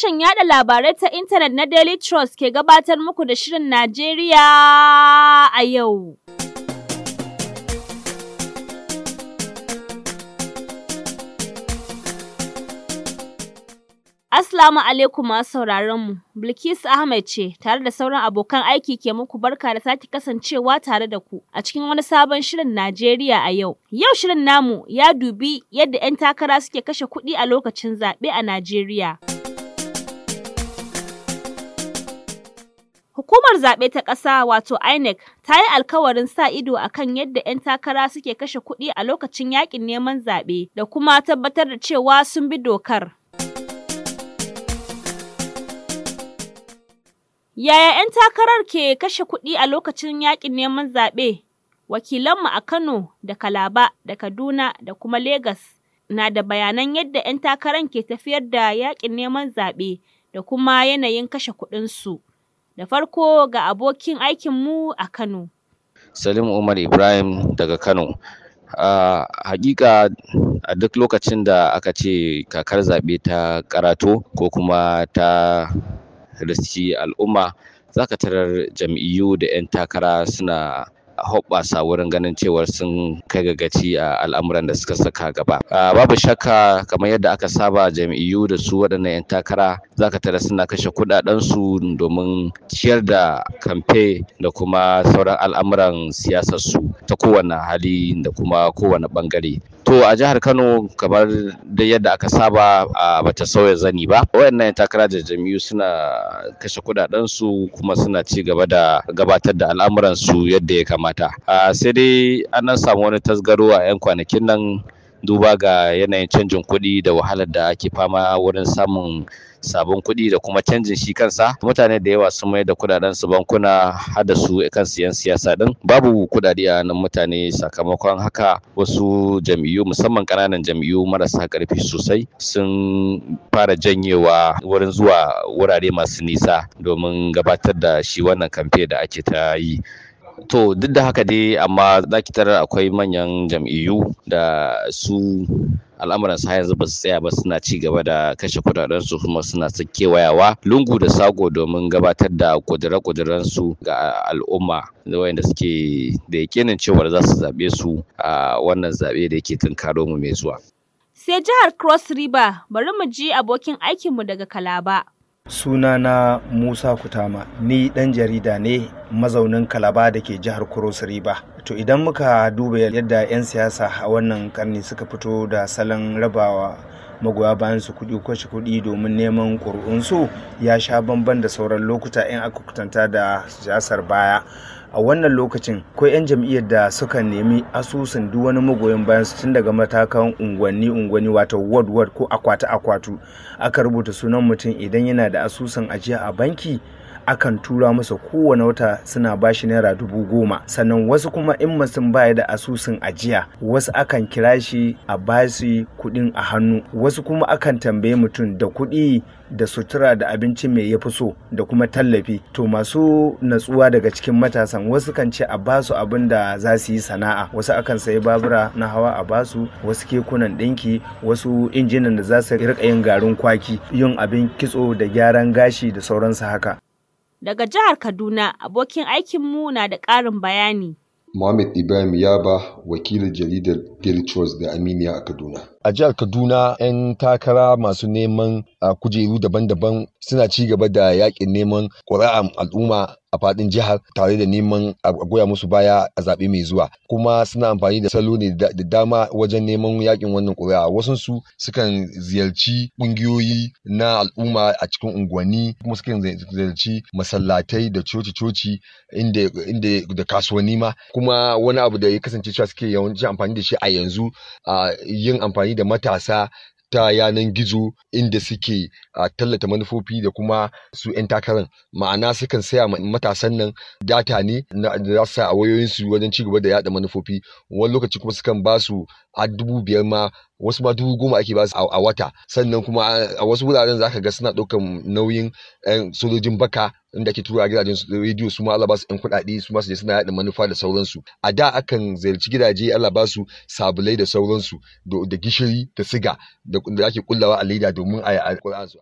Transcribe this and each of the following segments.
Sashen yada labarai ta intanet na Daily Trust ke gabatar muku da Shirin Najeriya a yau. Assalamu alaikum masu sauraron mu. Bilkisu Ahmed ce tare da sauran abokan aiki ke muku barka da sake kasancewa tare da ku a cikin wani sabon shirin Najeriya a yau. Yau shirin namu ya dubi yadda 'yan takara suke kashe kuɗi a lokacin zaɓe a Najeriya. Hukumar zaɓe ta ƙasa wato INEC ta yi alkawarin sa ido a kan yadda 'yan takara suke kashe kuɗi a lokacin yaƙin neman zaɓe da kuma tabbatar da cewa sun bi dokar. Yaya 'yan takarar ke kashe kuɗi a lokacin yaƙin neman zaɓe? Wakilanmu a Kano da Kalaba da Kaduna da kuma Legas na da bayanan yadda 'yan takarar ke tafiyar da yaƙin neman zaɓe da kuma yanayin kashe kuɗinsu. Da farko ga abokin aikinmu a Kano. Salim Umar Ibrahim daga Kano. Uh, hakika a duk lokacin da aka ce kakar zaɓe ta karato ko kuma ta riski al'umma za ka tarar jam'iyyu da 'yan takara suna hoɓɓasa wurin ganin cewar sun kai gagaci a al'amuran da suka saka gaba babu shakka kamar yadda aka saba jam'iyyu da su waɗannan 'yan takara za ka tara suna kashe kuɗaɗensu domin ciyar da kamfe da kuma sauran al'amuran siyasarsu ta kowane hali da kuma kowane ɓangare to a jihar kano kamar da yadda aka saba a bata sauya zani ba wayannan takara da jami'u suna kashe kudaden su kuma suna ci gaba da gabatar da al'amuran su yadda ya kamata A sai dai an samu wani tasgaro a 'yan kwanakin nan duba ga yanayin canjin kuɗi da wahalar da ake fama wurin samun sabon kuɗi da kuma canjin shi kansa mutane da yawa sun mai da kudaden su bankuna har da su kan siyan siyasa din babu kuɗaɗe a nan mutane sakamakon haka wasu jam'iyyu musamman kananan jam'iyyu marasa karfi sosai sun fara janyewa wurin zuwa wurare masu nisa domin gabatar da shi wannan kamfe da ake ta yi to duk da haka dai amma zaki tarar akwai manyan jam'iyyu da su al'amuran sa yanzu ba su tsaya ba suna ci gaba da kashe kudaden su kuma suna wayawa lungu da sago domin gabatar da kudire-kudiren su ga al'umma wanda suke da yakinin cewar za su zaɓe su a wannan zaɓe da yake tunkaro mu mai zuwa. Sai jihar Cross River bari mu ji abokin aikinmu daga Kalaba. suna na musa kutama ni dan jarida ne mazaunin kalaba da ke jihar kuros riba to idan muka duba yadda 'yan siyasa a wannan karni suka fito da salon rabawa magoya bayan su kuɗi kwashe kuɗi domin neman ƙuri'unsu ya sha bamban da sauran lokuta in aka kutanta da siyasar baya a wannan lokacin ko 'yan jam'iyyar da suka nemi asusun duk wani magoyin bayan su tun daga matakan unguwanni unguwanni wato ward ward ko akwatu akwatu aka rubuta sunan mutum idan yana da asusun ajiya a banki akan tura masa kowane wata suna bashi naira dubu goma sannan wasu kuma in mutum baya da asusun ajiya wasu akan kira shi a basu kuɗin a hannu wasu kuma akan tambaye mutum da kuɗi da sutura da abinci mai ya so da kuma tallafi to masu natsuwa daga cikin matasan wasu kan ce a basu abin da za su yi sana'a wasu akan sayi babura na hawa a basu wasu kekunan ɗinki wasu injinan da za su rika yin garin kwaki yin abin kitso da gyaran gashi da sauransu haka Daga jihar Kaduna, abokin aikinmu na da ƙarin bayani. Mohammed Ibrahim Yaba, wakilin jaridar Daily Trust da Aminiya a Kaduna. a jihar kaduna 'yan takara masu neman a kujeru daban-daban suna ci gaba da yakin neman ƙuri'an al'umma a faɗin jihar tare da neman a goya musu baya a zaɓe mai zuwa kuma suna amfani da salo ne da dama wajen neman yakin wannan ƙuri'a wasu su sukan ziyarci ƙungiyoyi na al'umma a cikin unguwanni kuma sukan ziyarci masallatai da coci-coci inda da kasuwanni ma kuma wani abu da ya kasance cewa suke yawanci amfani da shi a yanzu yin amfani amfani da matasa ta yanan gizo inda suke a tallata manufofi da kuma su 'yan takarar ma'ana sukan saya matasan nan data ne da za su sa a wayoyinsu wajen ci gaba da yada manufofi wani lokaci kuma sukan ba su har dubu biyar ma wasu ma dubu goma ake basu a wata sannan kuma a wasu wuraren zaka ga suna ɗaukan nauyin eh, sojojin baka inda ake tura gidajen rediyo su ma Allah ba kuɗaɗe su ma su je suna yaɗa manufa da sauransu a da akan ziyarci gidaje Allah sabulai da sauransu da gishiri da siga da ake kullawa a leda domin a yi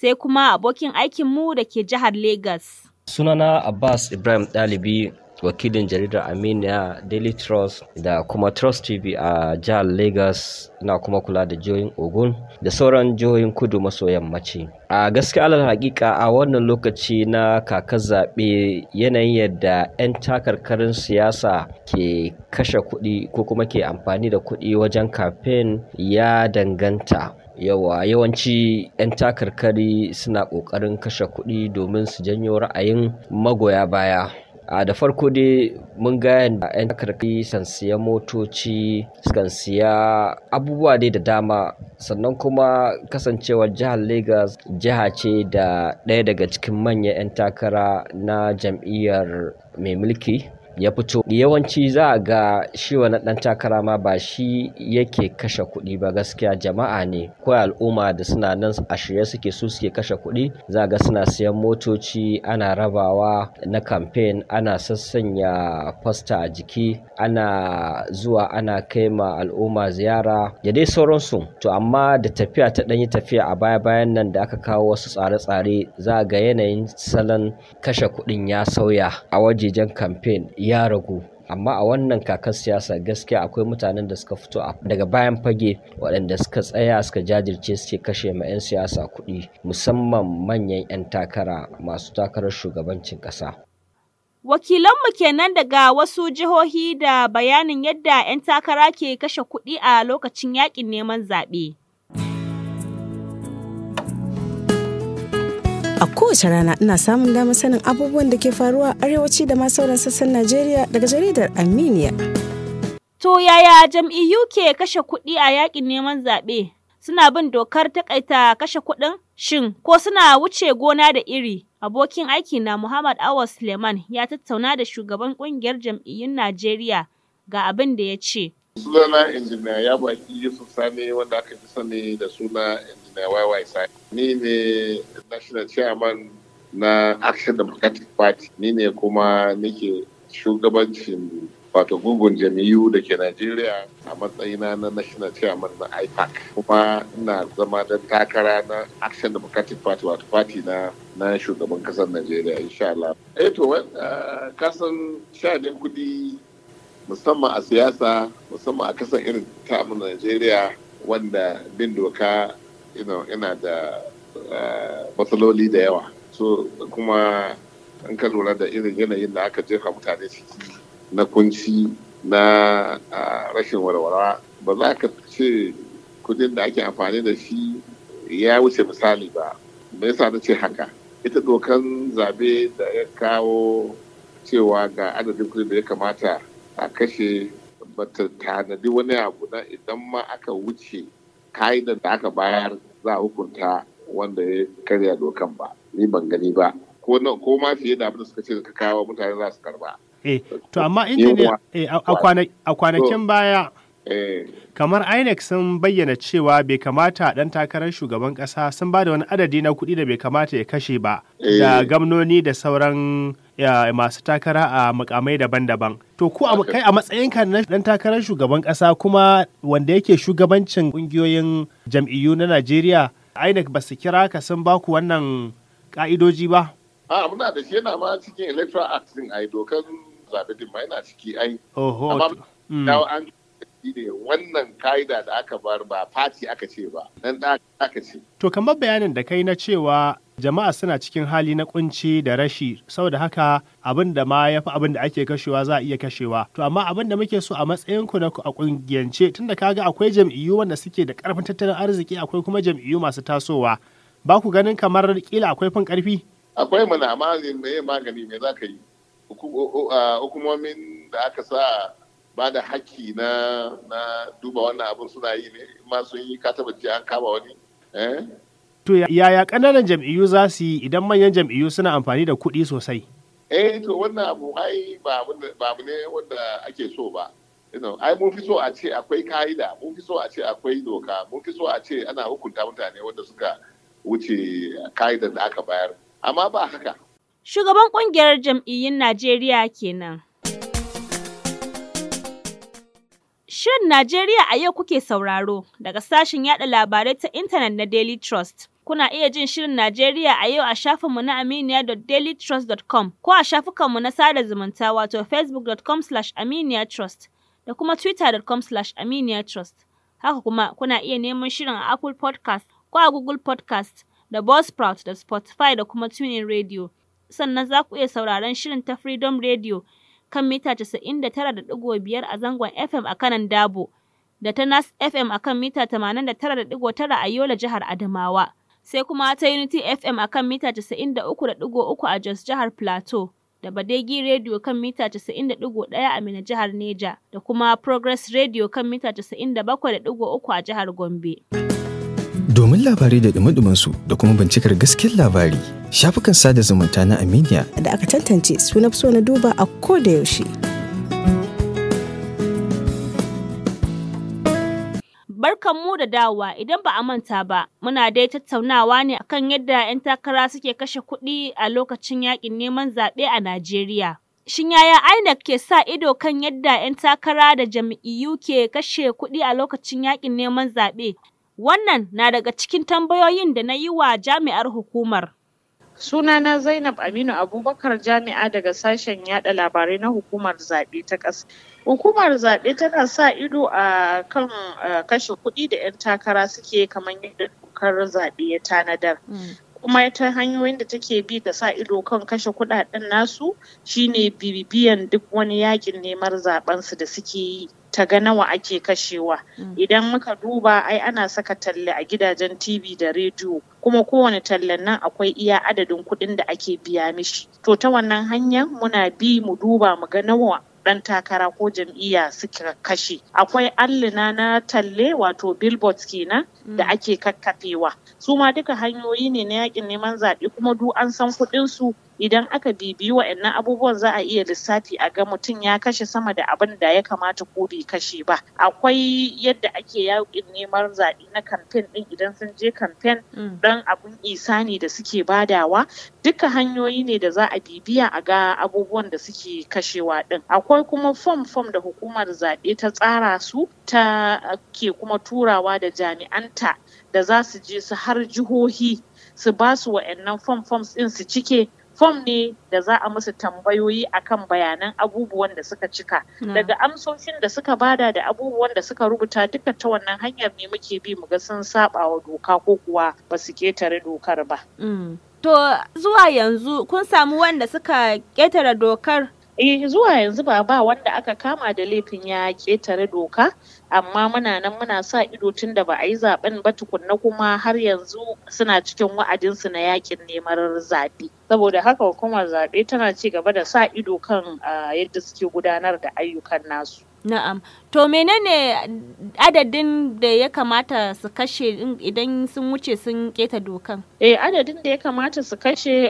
sai kuma abokin aikinmu da ke jihar lagos. Sunana Abbas Ibrahim Ɗalibi wakilin jaridar Aminiya Daily Trust da kuma Trust TV a jihar Lagos na kuma kula da jihohin Ogun da sauran jihohin kudu maso yammaci. A gaskiya alal hakika a wannan lokaci na kaka zaɓe yanayin yadda 'yan takarkarin siyasa ke kashe kuɗi ko kuma ke amfani da kuɗi wajen kamfen ya danganta. yawa yawanci 'yan takarkari suna ƙoƙarin kashe kuɗi domin su janyo ra'ayin magoya baya a da farko dai mun ga yadda 'yan takarki kan siya motoci kan siya abubuwa dai da dama sannan kuma kasancewar jihar lagos jiha ce da ɗaya daga cikin manyan 'yan takara na jam'iyyar mai mulki ya fito yawanci za a ga shi wani dan takara ma ba shi yake kashe kuɗi ba gaskiya jama'a ne ko al'umma da suna nan a shirye suke su suke kashe kuɗi za ga suna siyan motoci ana rabawa na kamfen ana sassanya fasta a jiki ana zuwa ana kai ma al'umma ziyara Ya dai sauransu to amma da tafiya ta ɗanyi tafiya a baya bayan nan da aka kawo wasu tsare-tsare za ga yanayin salon kashe kuɗin ya sauya a wajejen kamfen ya ragu amma a wannan kakar siyasa gaskiya akwai mutanen da suka fito daga bayan fage waɗanda suka tsaya suka jajirce suke kashe ma 'yan siyasa kuɗi musamman manyan 'yan takara masu takarar shugabancin ƙasa Wakilanmu kenan daga wasu jihohi da bayanin yadda 'yan takara ke kashe kuɗi a lokacin yaƙin neman zaɓe. A kowace rana ina samun damar sanin abubuwan da ke faruwa arewaci da ma sauran sassan Najeriya daga jaridar Aminiya. To yaya jam'iyyu ke kashe kuɗi a yakin neman zaɓe? Suna bin dokar takaita kashe kuɗin? Shin ko suna wuce gona da iri? Abokin aiki na Muhammad Awas Suleiman ya tattauna da shugaban ƙungiyar jam'iyyun Najeriya ga abin da ya ce. Sunana injiniya ya baki Yusuf Sani wanda aka fi sani da suna da YYSI. Ni ne National Chairman na Action Democratic Party. Ni ne kuma nake shugabancin wato gungun jami'u da ke Najeriya a matsayina na National Chairman na IPAC. Kuma ina zama don takara na Action Democratic Party wato party na na shugaban kasar Najeriya insha Allah. Eh to eh, kasan sha kudi musamman a siyasa musamman a kasan irin ta Najeriya wanda bin doka you know ina da eh, matsaloli da yawa so kuma an ka lura da irin yanayin da aka jefa mutane ciki na kunci na ah, rashin warwara ba za ka ce kudin da ake amfani da shi ya wuce misali ba me yasa na ce haka ita dokan zabe da ya kawo cewa ga adadin kudin da ya kamata a kashe bata tanadi wani abu na idan ma aka wuce ka'idar da aka bayar za a hukunta wanda ya karya dokan ba ni ban gani ba ko ko ma fiye da abin da suka ce suka kawo mutane za su karba eh to amma eh, a kwanakin baya eh. kamar inec sun bayyana cewa bai kamata dan takarar shugaban kasa sun ba da wani adadi na kuɗi da bai kamata ya kashe ba eh. da gamnoni da sauran masu takara a mukamai daban-daban. To ku a kai a matsayinka na dan takarar shugaban kasa kuma wanda yake shugabancin kungiyoyin jam'iyyu na Najeriya INEC ba su kira ka sun ba ku wannan ka'idoji ba? A muna da shi yana ma cikin Electoral Act din ai dokar zaɓe din ma yana ciki ai. Oho. Amma mm. an ne wannan ka'ida da aka bar ba fati aka ce ba, nan da aka ce. To kamar bayanin da kai na cewa jama'a suna cikin hali na kunci da rashi saboda haka abin da ma ya fi abin da ake kashewa za a iya kashewa to amma abin da muke so a matsayin ku na a kungiyance tunda ga akwai jam'iyyu wanda suke da karfin tattalin arziki akwai kuma jam'iyyu masu tasowa ba ku ganin kamar kila akwai fin karfi akwai mana amma mai magani me zaka yi hukumomin da aka sa ba da haƙƙi na duba wannan abin suna yi ne ma sun yi katabaci an kama wani eh? To yaya ƙananan jam'iyyu za su yi idan manyan jam'iyyu suna amfani da kuɗi sosai? Eh to wannan abu ai ba abu ne wanda ake so ba. ai mun fi so a ce akwai ka'ida mun fi so a ce akwai doka mun fi so a ce ana hukunta mutane wanda suka wuce ka'idar da aka bayar amma ba haka. Shugaban ƙungiyar jam'iyyun Najeriya kenan. Shirin Najeriya a yau kuke sauraro daga sashen yada labarai ta intanet na Daily Trust. Kuna iya jin Shirin Najeriya a yau a shafinmu na aminiya.dailytrust.com ko a shafukanmu na sada zumunta wato facebook.com slash aminiyatrust da kuma twitter.com slash aminiyatrust. Haka kuma kuna iya neman shirin a Apple podcast ko a Google podcast da Buzzsprout da Spotify da kuma TuneIn Radio. Sannan za ku iya sauraron shirin ta Freedom Radio kan mita 99.5 a zangon FM a kanan Dabo da ta Nas FM a kan mita 89.9 a Yola jihar Adamawa. sai kuma ta Unity FM a kan mita 93.3 a Jos jihar Plateau. da Badegi Radio kan mita 90.1 a Mina jihar Neja da kuma Progress Radio kan mita 97.3 a jihar Gombe. Domin labari da dumi su da kuma bincikar gaskiyar labari, shafukan sada zumunta na Aminiya da aka tantance suna na duba a ko da yaushe. mu da dawowa idan ba a manta ba, muna dai tattaunawa ne akan yadda 'yan takara suke kashe kuɗi a lokacin yaƙin neman zaɓe a Najeriya. Shin yaya INEC ke sa ido kan yadda 'yan takara da jam'iyyu ke kashe kuɗi a lokacin yakin neman zaɓe? Wannan na daga cikin tambayoyin da na yi wa jami'ar hukumar. Sunana Zainab Aminu Abubakar jami'a daga sashen yada labarai na hukumar zaɓe ta ƙasa. Hukumar zaɓe tana sa ido a kan kashe kuɗi da 'yan takara suke kamar yadda dokar zaɓe ya tanadar. Mm. kuma ta hanyoyin da take bi ta sa ido kan kashe kuɗaɗen nasu shine bibiyan duk wani yakin neman zaɓensu da suke yi ta ga nawa ake kashewa mm. idan muka duba ai ana saka talle a gidajen tv da rediyo kuma kowane tallan nan akwai iya adadin kuɗin da ake biya mishi to ta wannan hanyar muna bi mu duba mu ga nawa ɗan takara ko jam'iyya suka kashe akwai allina na talle wato billboards kenan mm. da ake kakkafewa su ma duka hanyoyi ne na yakin neman zaɓe kuma du an san kuɗin su idan aka bibiyi wa'annan abubuwan za a iya lissafi a ga mutum ya kashe sama da abin da ya kamata ko bai kashe ba akwai yadda ake yakin neman zaɓe na kamfen ɗin idan sun je kamfen ɗan mm. abun isani da suke badawa duka hanyoyi ne da za a bibiya a ga abubuwan da suke kashewa ɗin akwai kuma fom fom da hukumar zaɓe ta tsara su ta ke kuma turawa da jami'anta da za su je su har jihohi su ba su wa'annan fom fom ɗin su cike fom ne da za a musu tambayoyi akan bayanan abubuwan da suka cika daga amsoshin da suka bada da abubuwan da suka rubuta duka ta wannan hanyar ne muke bi muga sun saba wa doka ko kuwa ba su ketare dokar ba. Mm. To zuwa yanzu kun samu wanda suka ketare dokar eh zuwa yanzu ba ba wanda aka kama da laifin ya ketare doka amma muna nan muna sa ido tun da ba a yi zaben ba tukunna kuma har yanzu suna cikin wa'adinsu na yakin neman zaɓe saboda haka hukumar zaɓe tana ci gaba da sa ido kan yadda suke gudanar da ayyukan nasu Na'am. To menene adadin da ya kamata su kashe idan sun wuce sun keta dokan? Eh adadin da ya kamata su kashe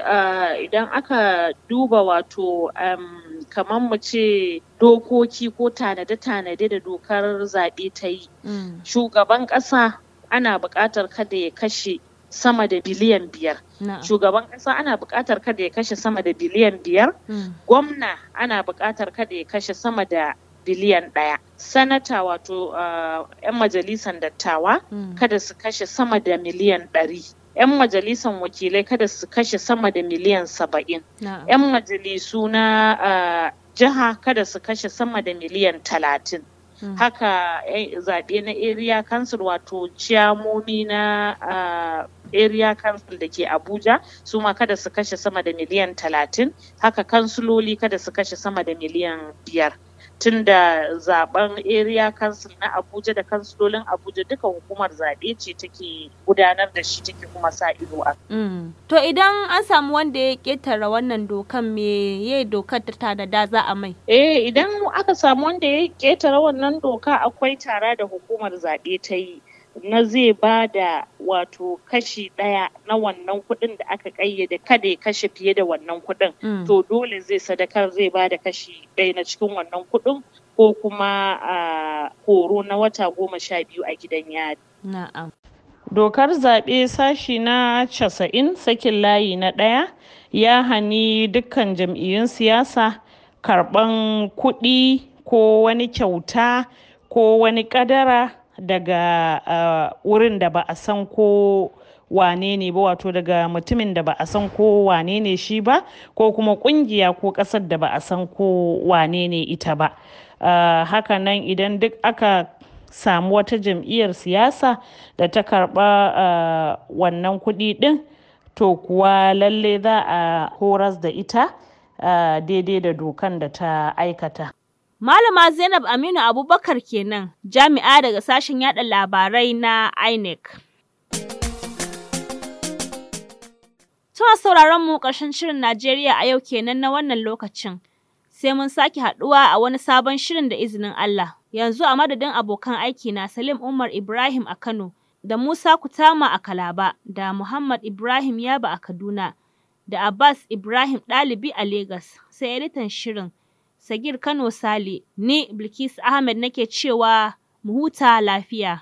idan aka duba wato um, kamar mu ce dokoki ko tanade-tanade da dokar zaɓe ta yi. Mm. Shugaban ƙasa ana buƙatar kada ya kashe sama da biliyan biyar. Shugaban ƙasa ana buƙatar kada ya kashe sama da biliyan biyar. Mm. Gwamna ana buƙatar kada ya kashe sama da biliyan ɗaya. Sanata wato ah, 'yan majalisar dattawa mm. kada su kashe sama da miliyan ɗari. 'yan majalisan wakilai kada su kashe sama da miliyan saba'in 'yan majalisu na uh, jiha kada su kashe sama da miliyan talatin hmm. haka eh, zaɓe na area council wato ciyamomi na uh, area council da ke abuja su ma kada su kashe sama da miliyan talatin haka kansuloli kada su kashe sama da miliyan biyar tun da zaben area council na abuja da kansilolin abuja duka hukumar zaɓe ce take gudanar da shi take kuma sa ido a mm. to idan an samu wanda ya ketara wannan dokan me ya dokar ta da za a mai eh idan aka samu wanda ya ketara wannan doka akwai tara da hukumar zaɓe ta yi na zai ba da wato kashi ɗaya na wannan kuɗin da aka ƙayyade kada ya kashe fiye da wannan kuɗin mm. to dole zai sadakar zai ba da kashi ɗaya na cikin wannan kuɗin ko kuma horo na wata goma sha biyu a gidan yari. Na'am. Dokar zaɓe sashi na casa'in sakin layi na ɗaya ya hani dukkan jam'iyyun siyasa karɓan kuɗi ko wani kyauta ko wani ƙadara daga uh, wurin da ba a san ko wane ne ba wato daga mutumin da ba a san ko wane ne shi ba ko kuma kungiya ko kasar da ba a san ko wane ne ita ba uh, haka nan idan duk aka samu wata jam'iyyar siyasa da ta karba uh, wannan kuɗi ɗin to kuwa lalle za a horas da ita daidai da dokan da ta aikata Malama Zainab Aminu Abubakar kenan, jami'a daga sashen yada labarai na INEC. Tuna sauraron mu ƙarshen shirin Najeriya a yau kenan na wannan lokacin. Sai mun sake haɗuwa a wani sabon shirin da izinin Allah. Yanzu a madadin abokan aiki na Salim Umar Ibrahim a Kano, da Musa Kutama a Kalaba, da Muhammad Ibrahim Yaba a Kaduna, da Abbas Ibrahim Ɗalibi a Legas, sai editan shirin. Sagir Kano Sale, ni Bilkisu Ahmed nake cewa mu huta lafiya.